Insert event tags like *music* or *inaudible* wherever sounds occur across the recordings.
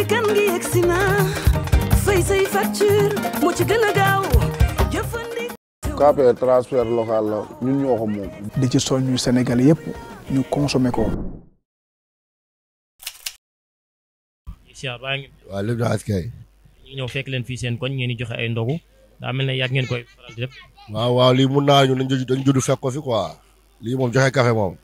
mooy kan gi la ñun ñoo moom di ci soññu Sénégal yëpp ñu consommé ko waaw lépp daa askay ñu ñëw fekk leen fii seen koñ ngeen di joxe ay ndogu daa mel ne yàgg ngeen koy faral di def waaw waaw lii mun naa ñu dañ judd fekk ko fi quoi lii moom joxe café moom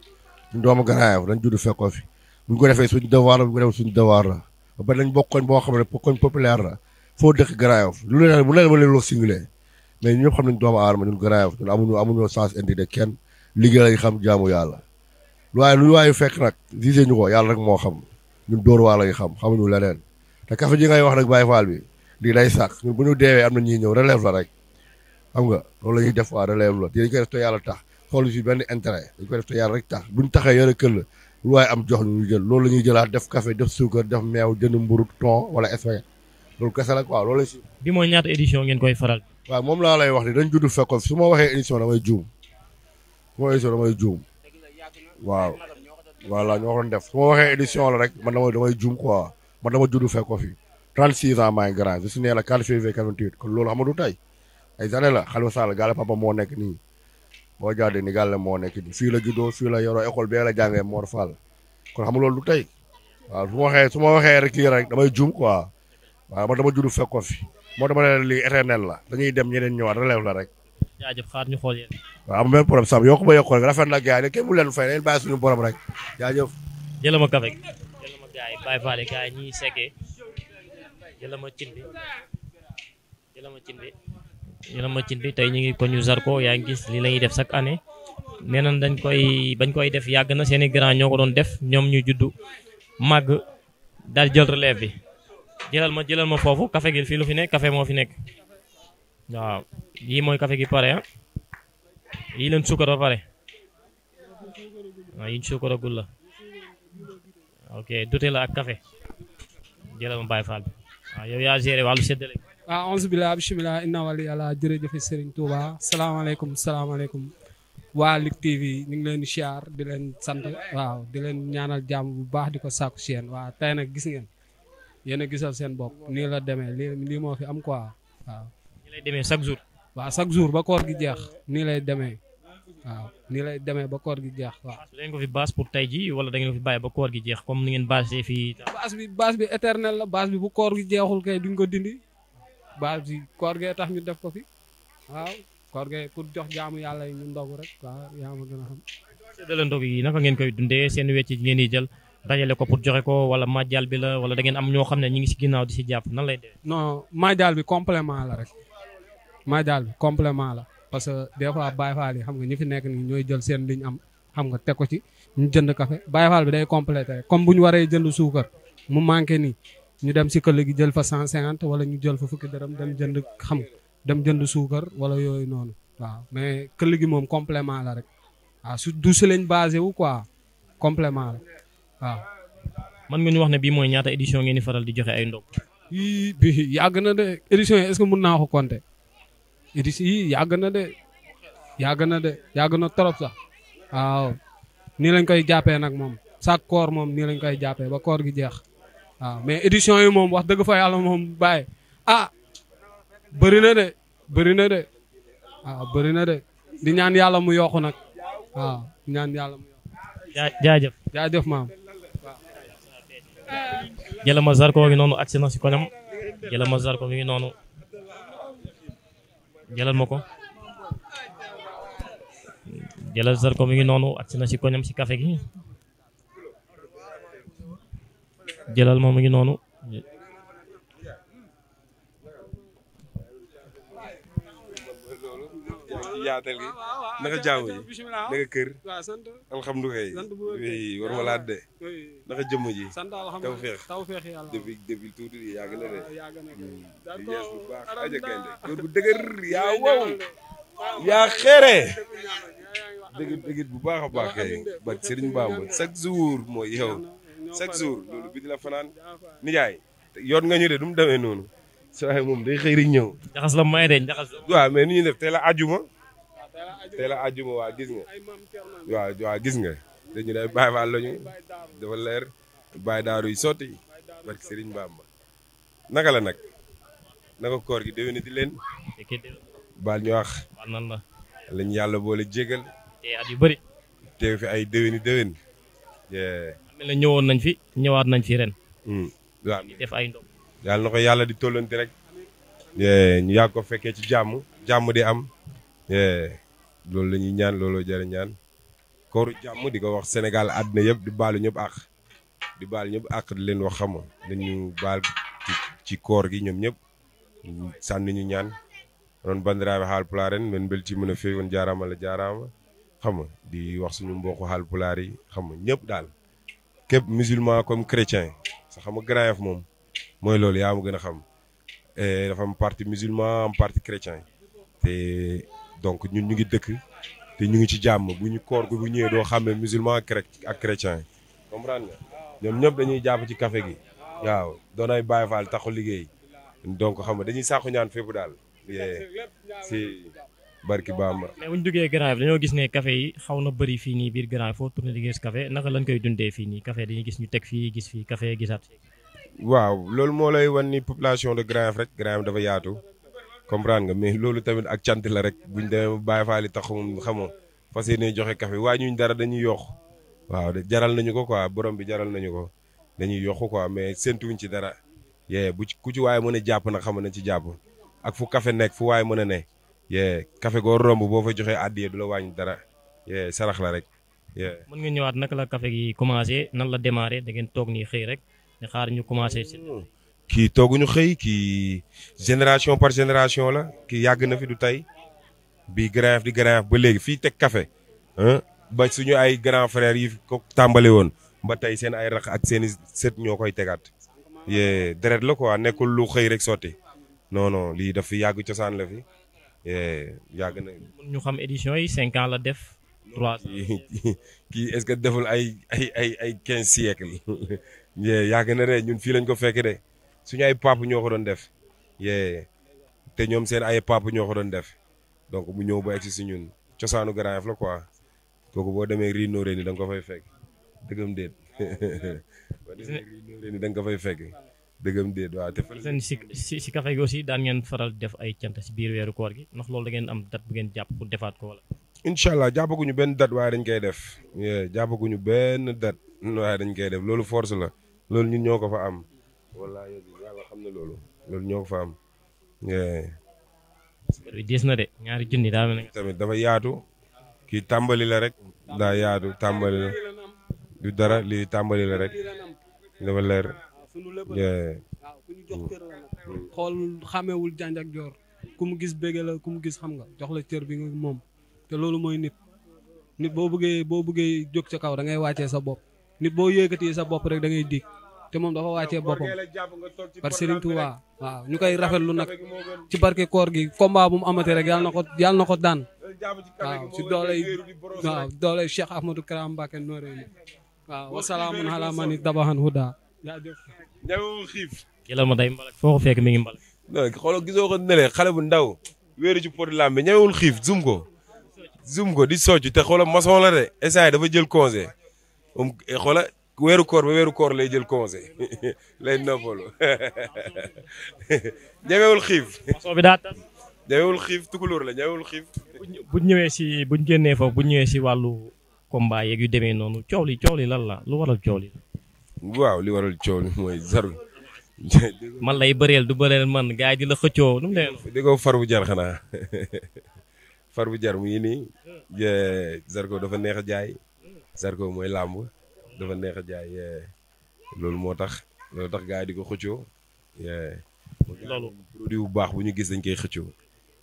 ñu doomu garaayam dañ judd fekk ko fi bu ñu ko defee suñu devoir la bu ñu ko devoir la ba dañ bokkoñ boo xam ne koñ populaire la foo dëkk Grand Yoff lu leen bu leen ma leen loo mais ñu ñëpp xam nañ doomu aadama ñun Grand Yoff ñun amuñu amuñu sens de kenn liggéey lañ xam jaamu yàlla lu waaye lu fekk nag gisee ñu ko yàlla moo xam ñun dóor waa lañ xam xamuñu leneen te kafe ji ngay wax nag Baye Fall bi lii day sàq ñun bu ñu deewee am na ñuy ñëw relève la rek xam nga loolu la ñuy def waa relève la te dañ koy def te yàlla tax xool si benn intérêt dañ koy def te yàlla rek tax buñ taxee yore kër la waaye am jox ñu loolu la ñuy jëlaat def kafe def suukar def meew jënd mburu ton wala espagnol loolu kese la waaw loolu la si. bi mooy ñaata édition ngeen koy faral. waaw moom laa lay wax ni dañ judd fekkoon su ma waxee édition damay juum su ma waxee édition damay juum waaw ko doon def su ma waxee la rek man damay damay juum quoi man dama judd fekkoon fi 36 ans maa ngi grand je suis né la 4 kon loolu xam nga du tey ay années la Khalifa moo nekk nii boo jaadee ni gàll moo nekk nii fii la juddoo fii la yoroo école bee la jàngee Mor Fall. kon xam nga loolu du tey waaw su ma waxee su ma waxee rek lii rek damay juum quoi waaw man dama judd fekk ko fi moo dama ne li éternel la dañuy dem ñeneen ñëwaat relève la rek. jaajëf xaar ñu xool yéen. waaw am même ba yokku rek na gars yi kenn bu leen fay dañuy bàyyi rek jaajëf. jëlal ma kafe jëlal ma gars yi bàyyi faale gars yi ñuy sekkee jëlal ma cin bi jëlal ma cin bi jëlal tey ñu ngi ko ñu Zarko yaa ngi gis lii la ñuy def chaque année. nee dañ koy bañ koy def yàgg na seen i grand ñoo ko doon def ñoom ñu juddu màgg daal jël relève bi jëlal ma jëlal ma foofu kafe gi fii lu fi nekk kafe moo fi nekk waaw yii mooy kafe gi pare ah yii leen suukar ba pare waaw yiñ suukaragul la ok dute la ak café jëlal ma bàyyi faal bi waaw yow yaa géré wàllu séddale waaw onze bila bismillah inna wali yàlla waa Lutte TV ñu ngi leen di siyaar di leen sant waaw di leen ñaanal jàmm bu baax di ko sàkku seen yéen waaw tey nag gis ngeen yéen a gisal seen bopp nii la demee lii lii moo fi am quoi waaw. nii lay demee chaque jour. waaw chaque jour ba koor gi jeex nii lay demee waaw nii lay demee ba koor gi jeex waaw. da ko fi baas pour tey ji wala da fi bàyyi ba koor gi jeex comme ni ngeen bâché fii. bâche bi bâche bi éternel la bâche bi bu koor gi jeexul kay duñ ko dindi bâche bi koor gee tax ñu def ko fi waaw. koor pour jox jaamu yàlla yi ñu ndogu rek waaw yaa gën a xam. séddale ndog yi naka ngeen koy dundee seen wecc yi ngeen di jël dajale ko pour joxe ko wala majaal bi la wala da am ñoo xam ne ñu ngi si ginnaaw di si jàpp nan lay dee. non bi complément la rek majjal bi complément la parce que des fois Baye yi xam nga ñi fi nekk nii ñooy jël seen liñ am xam nga teg ko ci ñu jënd kafe Baye bi day complété comme bu ñu waree jënd suukar mu manqué nii ñu dem si këll gi jël fa 150 wala ñu jël fa fukki dërëm dem jënd xam nga dem jënd suukar wala yooyu noonu waaw mais këll gi moom complément la rek waaw su du si lañ basé wu quoi complément la waaw. man nga ñu wax ne bii mooy ñaata édition ngeen di faral di joxe ay ndog. bi yàgg na de édition yi est-ce que mën naa ko yàgg na de yàgg na de yàgg na trop sax waaw nii lañ koy jàppee nag moom chaque koor moom nii lañ koy jàppee ba koor gi jeex waaw mais édition yi moom wax dëgg fa yàlla moom bàyyi ah, bëri na de bëri na de waaw bëri na de di ñaan yàlla mu yokku nag waaw ñaan yàlla mu yokku. jaajëf jaajëf maam. Jelama Zarko ngi noonu agsi na si konam Jelama Zarko ngi noonu jëlal ma ko Jelama Zarko mi ngi noonu agsi na si konam si café gi jëlal ma mu ngi noonu yaatal gi ah, naka ah, jaamu ji naka kër alhamdulilah oui war ma laat de naka jëmm ji taw feex taw feex yàlla depuis depuis tuuti na de ah, hmm. di bu baax aja gaynde góor bu dëgër yaa wow yaa xeere dëgg bu baax a baax kay ba Serigne Bamba chaque jour mooy yow chaque jour loolu bi di la fanaan nijaay yoon nga ñu de du mu demee noonu. saa moom day xëy rek ñëw. jaxas la may de jaxas. waaw mais ni ñuy def tey la àjjuma. tey la waa gis nga waaw waaw gis nga dañu day Baay Faal lañu dafa leer Baay Daaru yi sotti barki Sëriñ Bàmba naka la nag naka koor gi déwénati leen baal ñu wax lañu yàlla boole jégal te at yu bëri teew fi ay déwéni déwén mel ñëwoon nañ fi ñëwaat nañ fi ren hmm. waaw def yàlla na ko yàlla di tollanti rek ñu yàgg ko fekkee ci jàmm jàmm di am loolu la ñuy ñaan looloo jëriñ ñaan kooru jàmm di ko wax Sénégal àdduna yëpp di baalu ñëpp àq di baal ñëpp àq di leen wax xam nañu baal ci koor gi ñoom ñëpp sànni ñu ñaan noonu bandiraaɓe haalpulaar en men mbeltiima no feewi on jaaraama allah jaaraama xam nga di wax suñu mbokku haalpulaar yi xam nga ñëpp daal képp musulman comme chrétien sa xam nga Grand moom mooy loolu yaa ma gën a xam eh, dafa am parti musulman parti chrétien te donc ñun ñu ngi dëkk te ñu ngi ci jàmm bu ñu koor bu ñëwee doo xam ne musulman ak chrétien comprendre nga ñoom ñëpp dañuy jàpp ci kafe gi waaw doon ay Baay Faal taxu liggéey donc xam nga dañuy sàkku ñaan fépp daal si barki ma mais bu ñu duggee Grand Yoff dañoo gis ne kafe yi xaw na bari fii nii biir Grand Yoff foo tourné di gis café naka lañ koy dundee fii nii kafe dañuy gis ñu teg fii gis fii café gisaat. waaw loolu moo lay wan ni population de Grand Yoff rek Grand dafa yaatu. comprendre nga mais loolu tamit ak cant la rek buñ demee bàyyi li tax xamoo fas yéene joxe café waa ñuñ dara dañu yokk waaw de jaral nañu ko quoi borom bi jaral nañu ko dañuy yokk quoi mais séntuwuñ ci dara yee bu ci ku ci waaye mën a jàpp na xam na ci jàpp ak fu kafe nekk fu waaye mën a ne yee café goo romb boo fa joxee àddiyee du la waañ dara yee sarax la rek yee mën nga ñëwaat naka la kafe gi commencé nan la démarré da toog nii xëy rek xaar ñu commencé si hmm. kii tooguñu xëy kii génération par génération la kii yàgg na fi du tey bi Grand Yoff di Grand ba léegi fii teg kafe ba suñu ay grand frères yi ko tàmbale woon ba tey seen ay rax ak seeni i ñoo koy tegaat yee deret la quoi nekkul lu xëy rek sotti non non lii daf yàgg cosaan la fi yàgg na. ñu xam édition yi cinq la def. *laughs* kii est-ce que deful ay ay ay ay quinze siècles *laughs* yee yàgg na de ñun fii lañ ko fekk de. suñu ay papa ñoo ko doon def yee te ñoom seen ay papa ñoo ko doon def donc bu ñëw ba egsi si ñun cosaanu Grand Yoff la kooku boo demee Rino Reni da nga ko fay fekk dëggam déet *laughs* boo demee Rino Reni da nga ko fay fekk dëggam déet waaw seen si si si café gi aussi daan ngeen faral def ay cant si biir weeru koor gi ndax loolu da ngeen am date bu ngeen jàpp pour defaat ko wala. incha allah benn dat waaye dañ koy def jàppaguñu benn date waaye dañ koy def loolu force la loolu ñun ñoo ko fa am loolu loolu ñoo ko fa am. Eh. diis na de ñaari junni daa mel tamit dafa yaatu kii tàmbali la rek daa yaatu tàmbali la du dara lii tàmbali la rek dafa leer. Eh. xool xamewul janj joor ku mu gis bëgg la ku mu gis xam nga jox la cër bi nga moom te loolu mooy nit nit boo bëggee boo buggee jóg ca kaw da ngay wàccee sa bopp nit boo yëkkatee sa bopp rek da ngay dig te moom dafa wàccee boppam par Serigne Touba waaw ñu koy rafetlu nag ci barke koor gi combat bu mu amatee rek yàlla na ko yàlla na ko daan waaw si dooley waaw dooley Cheikh Ahmadou Karam Mbacke Noreyni waaw wasalaamun ala mani dabaxan huda jaajëf xiif ma day mbalak foo ko fekk mi ngi mbalak non xoolal gisoo ko nelee xale bu ndaw wéeru ci pot lambe ñëwul xiif zoom ko zoom ko di socc te xoolal maçon la de essayé dafa jël congé moom eh, xoola weeru koor ba weeru koor lay jël conseil *laughs* lay noppalu *laughs* ñemewul xiif. soo bi daa tas. xiif tukulóor la ñemewul xiif. bu ñëwee si bu génnee foofu bu ñëwee si wàllu combat yeeg yu demee noonu coow li coow li lan la lu waral coow li. waaw li waral mooy zaru. *laughs* man lay bareel du bëreel man gars yi di la xëccoo nu mu demee. di ko far bu jar xanaa far bu jar mu ngi nii. Zarko dafa neex a jaay. Zarko mooy làmb. dafa neex a jaay eh, loolu moo tax loolu tax gars yi di ko xëccoo. Eh, loolu produit bu baax bu ñu gis dañ koy xëccoo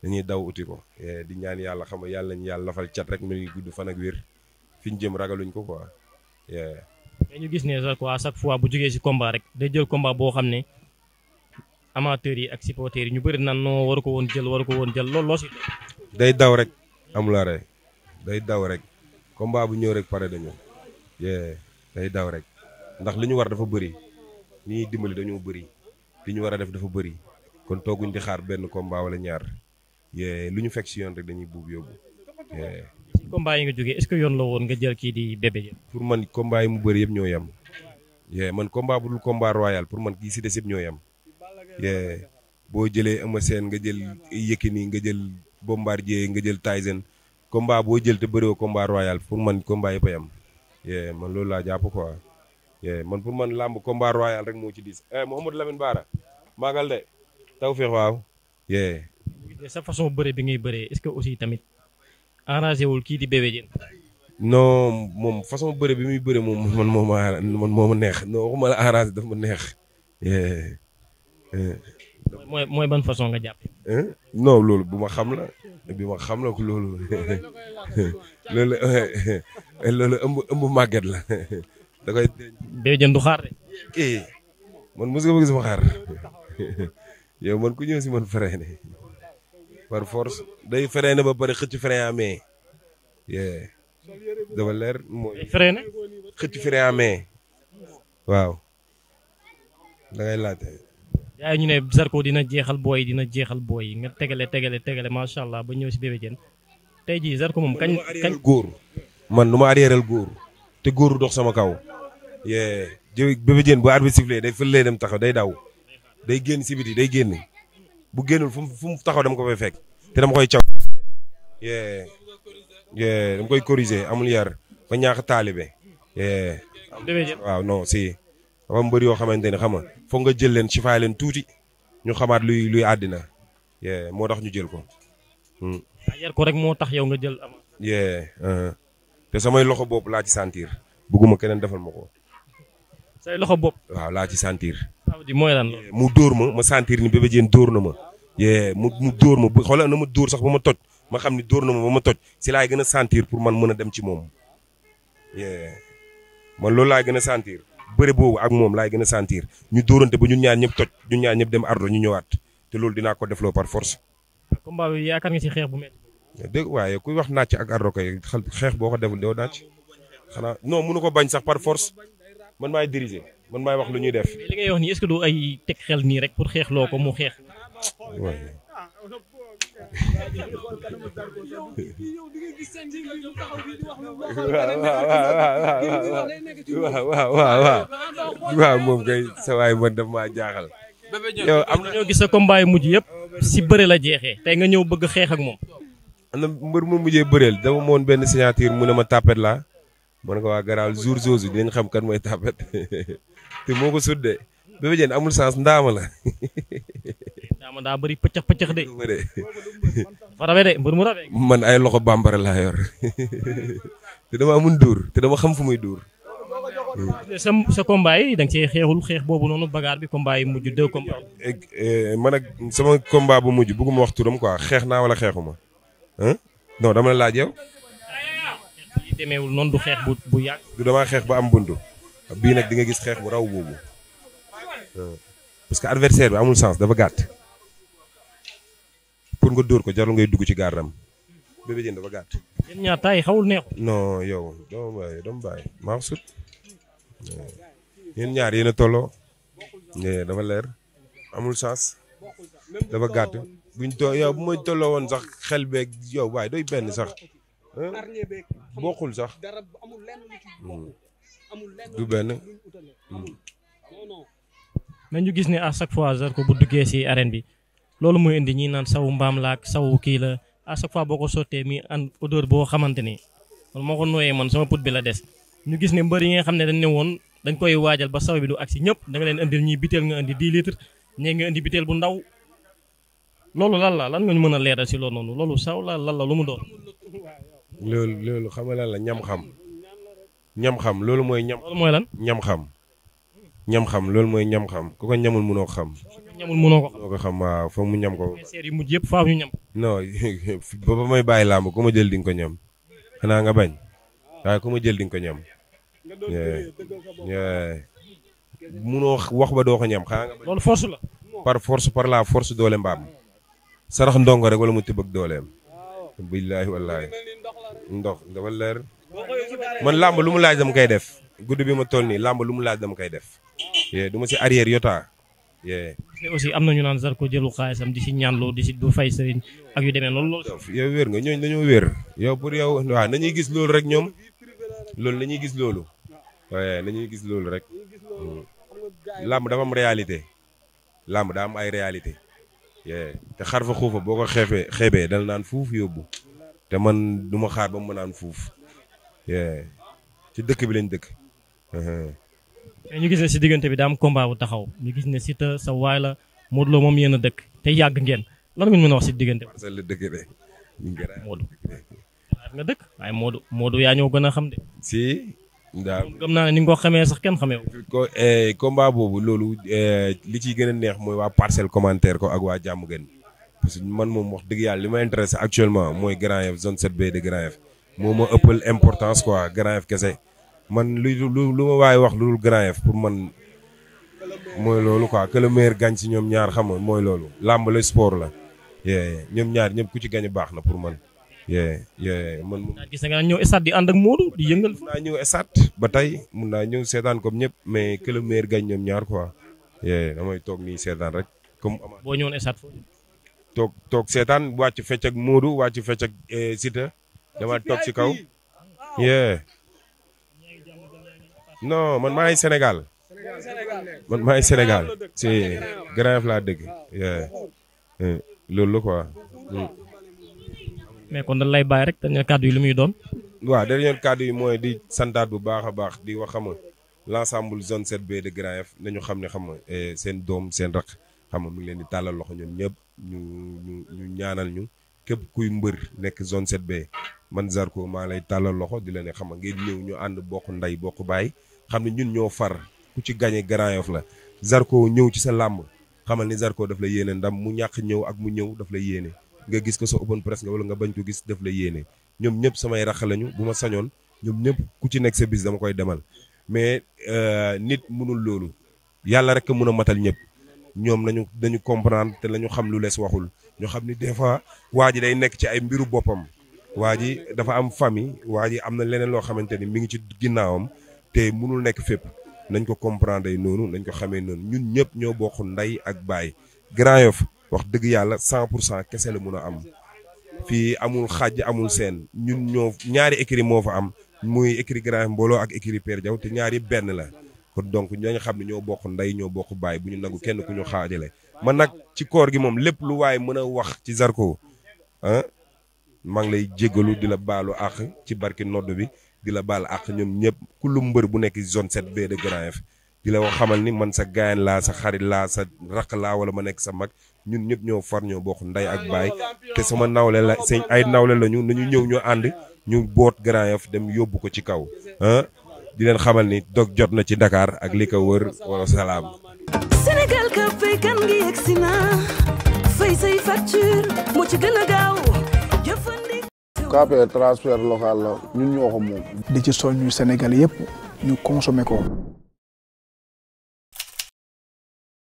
dañuy daw uti ko eh, di ñaan yàlla xam nga yàlla nañu yàlla lafal cat rek mu ngi gudd fan ak wiir fi ñu jëm ragaluñ ko quoi. mais ñu gis ne sax quoi à chaque fois bu jógee si combat rek day jël combat boo xam ne amateurs yi ak supporters yi ñu bëri nan noo waru ko woon jël waru ko woon jël loolu loo ci. day daw rek amul arrêt day daw rek combat bu ñëw rek pare dañu. day daw rek ndax li ñu war dafa bëri ñuy dimbali dañoo bëri li ñu war a def dafa bëri kon tooguñ di xaar benn combat walla ñaar lu ñu fekk si yoon rek dañuy buub yóbbu. si yi nga jógee est-ce que yoon la woon nga jël kii di bébé. pour man combat mu bëri yëpp ñoo yem. man combat bu dul combat royal pour man kii si des ñoo yem. boo jëlee Eumeu Sène nga jël Yékini nga jël Bombardier nga jël Tyson combat boo jël te bëriwoo combat royal pour man combat yëpp yem. yee man loolu laa jàpp quoi yee man pour man làmb ko combat royal rek moo ci diis eh Mouhamadou Lamine Bara maagal de tawféex waaw yee. sa façon bëre bi ngay bëree est-ce que aussi tamit arrangé wul kii di Bébé Diène. non moom façon bëre bi muy bëre moom man moo ma neex non waxuma la arrangé daf ma neex. mooy mooy ban façon nga jàpp. non loolu bu ma xam la bi ma xam la ko loolu. *laughs* *laughs* loolu ëmb ëmb màgget la *laughs* da koy. bee jën xaar de. man mos nga ma ma xaar *laughs* yow man ku ñëw si man freiné par force day freiné ba pare xëcc frein amee dafa leer mooy. freiné xëcc frein amee waaw da ngay laajte. ñu ne Zarko dina jeexal booy dina jeexal booy nga tegale tegale tegale macha allah ba ñëw si bébé jën tey jii ko moom kañ kañ góor man nu ma arriéral góor te góor dox sama kaw jë Bébé Diène bu arbitre sifflé day fël lay dem taxaw day daw day génn si biti day génn bu génnul fu mu taxaw dam ko fay fekk te dama koy caw koy corriger amul yar ba ñaax taalibe waaw non si dafa mbër yoo xamante ne xam nga foog nga jël leen sifaay leen tuuti ñu xamaat luy luy àddina moo tax ñu jël ko hmm. yar ko rek moo tax yow nga jël am. Uh-huh. te samay loxo bopp laa ci sentir bëgguma keneen defal ma ko. say loxo bopp. waaw laa ci sentir. mooy lan mu dóor ma ma sentir ni Bébé Diène dóor na ma. mu mu dóor ma bu xoolal na ma dóor sax ba ma toj ma xam ni dóor na ma ba ma toj si laay gën a sentir pour man mën a dem ci moom. man loolu laay gën a sentir bëre boobu ak moom laay gën a sentir ñu dóorante ba ñun ñaar ñëpp toj ñu ñaar ñëpp dem ardo ñu ñëwaat te loolu dinaa ko defloo par force. combat bi yaakaar nga ci xeex waaye kuy wax nàcc ak ardo kay xeex boo ko deful doo nàcc xanaa non mënu ko bañ sax par force man maay diriger man maay wax lu ñuy def. li ngay wax ay teg xel nii rek pour xeex ko mu xeex. *laughs* waaw moom kay sa waay man daf maa jaaxal. yow am na ñoo gis sa combat yu mujj yëpp si bëre la jeexee tey nga ñëw bëgg xeex ak moom. na mbër mu mujjee bëreel dama moon benn signature mu ne ma tàppet la ma ne ko waa garaawal jour jooju dinañ xam kan mooy tàppet *laughs* te moo ko suddee Bébé Diène amul sens ndaama la. *laughs* daa bari pëccax pëccax de. dafa *laughs* mbër mu rawee. man ay loxo bambara laa yor te dama amun dóor te dama xam fu muy duur hmm. sa sa combat yi da nga cee xeexul xeex boobu noonu bagaar bi combat yi mujj deux combat. Eh, eh, man ak sama combat bu mujj bëgguma wax turam quoi xeex naa wala xeexuma non dama la laaj yow. li demeewul noonu du xeex bu yàgg. du damaa xeex ba am buntu bii nag di nga gis xeex bu raw boobu parce que adversaire bi amul sens dafa gàtt pour nga dóor ko jarul ngay dugg ci gaaram Bébé Diène dafa gàtt. yéen ñaar taay xawul neexul. non yow dama bàyyi dama ñaar yéen a tolloo eh, dafa leer amul sens dafa gàtt. buñ too yow bu ma tolloo woon sax xel beeg yow waaye doy benn sax bokkul sax hmm. du benn. mais hmm. ñu gis ne à chaque fois Zarko bu duggee ci arene bi loolu mooy indi ñi naan sawu mbaam la ak sawu kii la à chaque fois boo ko sottee mi an odeur boo xamante ni man moo ko nooyee man sama put bi la des. ñu gis ne mbër yi nga xam ne dañ ne woon dañ koy waajal ba saw bi du agsi ñëpp da leen indil ñii biteel nga indi 10 litres ñee nga indi biteel bu ndaw. loolu lan la lan nga ñu mën a leeral si loolu noonu loolu saw la lan la lu mu doon. loolu loolu xam nga la ñam xam. ñam xam loolu mooy ñam. loolu mooy ñam xam. loolu mooy ñam xam ku ko ñamul mënoo ko xam. ñamul mënoo ko xam waaw foog mu yëpp faaw ñu ñam. *laughs* bàyyi làmb ku ma jël di ko ñam xanaa nga bañ ma jël di ko ñam. mënoo wax ba doo ko ñam xanaa loolu force la. par force par la force doole mbaam. sarax ndongo rek wala mu tibb ak dooleem. billaahi wallaahi ndox dafa leer man làmb lu mu laaj mu koy def guddi bi ma toll nii làmb lu mu laaj dama koy def. du ma si arrière yotaa. parce aussi am na ñu naan Zarko jëlu xaalisam di si ñaanloo di si du fay sëriñ ak yu demee noonu nga ñooñu dañoo wér. yow pour yow waaw nañuy gis loolu rek ñoom loolu nañuy gis loolu. waaye gis loolu rek. Hmm. làmb dafa am réalité. làmb daa am ay réalité. te xar fa xuufa boo ko xeebee xeebee dal naan fuuf yóbbu te man du ma xaar ba mu naan fuuf ci dëkk bi lañ dëkk. Uh-huh. ñu gis ne si diggante bi daam am combat bu taxaw ñu gis ne Siteu sa waay la Modou Lo moom yenn dëkk te yàgg ngeen lan ngeen mën a si diggante bi. parcelle la dëkk de. Modou nga dëkk waaye Modou Modou yaa ñoo gën a xam de. si. waaw gëm naa ne ni nga ko xamee sax kenn xamee ko eh, combat boobu loolu eh, li ci gën a neex mooy waa parcelle commentaire ko ak waa jàmm gën parce man moom wax dëgg yàlla li ma intéressé actuellement mooy Grand Yoff zone 7B de Grand Yoff moo ma ëppal importance quoi Grand Yoff kese man lu lu ma waaye wax lu dul Grand Yoff pour man mooy loolu koi que le meilleur si ñoom ñaar xam nga mooy loolu làmb la sport la ñoom ñaar ñëpp ku ci gañ baax na pour man yee yee man. gis nga ñëw stade di ànd ak Modou di yëngal. mun naa ñëw stade ba tey mun naa ñëw seetaan comme ñëpp mais que le meilleur ñoom ñaar quoi. yee damay toog nii seetaan rek comme. boo ñëwoon stade toog toog seetaan wàcc fecc ak Modou wàcc fecc ak eh, Siteu dama toog si kaw. yee non man maa ngi Sénégal. man maa Sénégal. ci Grand Yoff laa dëgg. Eh, loolu la quoi. Mm. mais kon dañ lay bàyyi rek dernier kàddu yi lu muy doon. waaw dernier kàddu yi mooy di santaat bu baax a baax di wax xam nga l' ensemble zone 7B de Grand Yoff nañu xam ne xam nga eh, seen doom seen raq xam nga mu leen di tàllal loxo ñoom ñëpp ñu ñu ñu ñaanal ñu képp kuy mbër nekk zone 7 man Zarko maa lay tàllal loxo di la xam nga ngeen ñëw ñu ànd bokk ndey bokk baay xam ne ñun ñoo far ku ci gañe Grand Yoff la Zarko ñëw ci sa làmb xamal ni Zarko daf la yéene ndam mu ñàkk ñëw ak mu ñëw daf la yéene. nga gis ko soo open presque nga wala nga bañ ko gis def la yéene ñoom ñëpp samay rax lañu bu ma sañoon ñoom ñëpp ku ci nekk sa bis dama koy demal mais euh, nit munul loolu yàlla rek mun a matal ñëpp ñoom nañu dañu comprendre te lañu xam lu lees waxul ñu xam ni des fois waa ji day nekk ci ay mbiru boppam waa ji dafa am famille waa ji am na leneen loo xamante ni mi ngi ci ginnaawam te munul nekk fépp nañ ko comprendre noonu nañ ko xamee noonu ñun ñëpp ñoo bokk ndey ak baay Grand wax dëgg yàlla cent pour cent kese la mun a am fii amul xaaj amul seen ñun ñoo ñaari écrit moo fa am muy écrit grand mbooloo ak écrit per Diaw te ñaari benn la kon donc ñooñu xam ne ñoo bokk ndey ñoo bokk baay bu ñu nangu kenn ku ñu xaajale man nag ci koor gi moom lépp lu waaye mën a wax ci Zarko ah maa ngi lay jéggalu di la baalu àq ci barki nodd bi di la baal àq ñoom ñëpp ku lu mbër bu nekk zone set b de Grand Yoff di la wax xamal ni man sa gaayan laa sa xarit laa sa raq laa wala ma nekk sa mag ñun ñëpp ñoo far ñoo bokk nday ak baay te sama nawle la seen ay nawle ñu nañu ñëw ñu ànd ñu boot Grand Yoff dem yóbbu ko ci kaw ah di leen xamal ni dog jot na ci ndakaar ak li ko wër wala salaam. Sénégal ka fay ngi yegg na fay say facture moo ci gën gaaw jëfandi. KPR transfert local la ñun ñoo ko moom. di ci soññu Sénégal yëpp ñu consommé ko.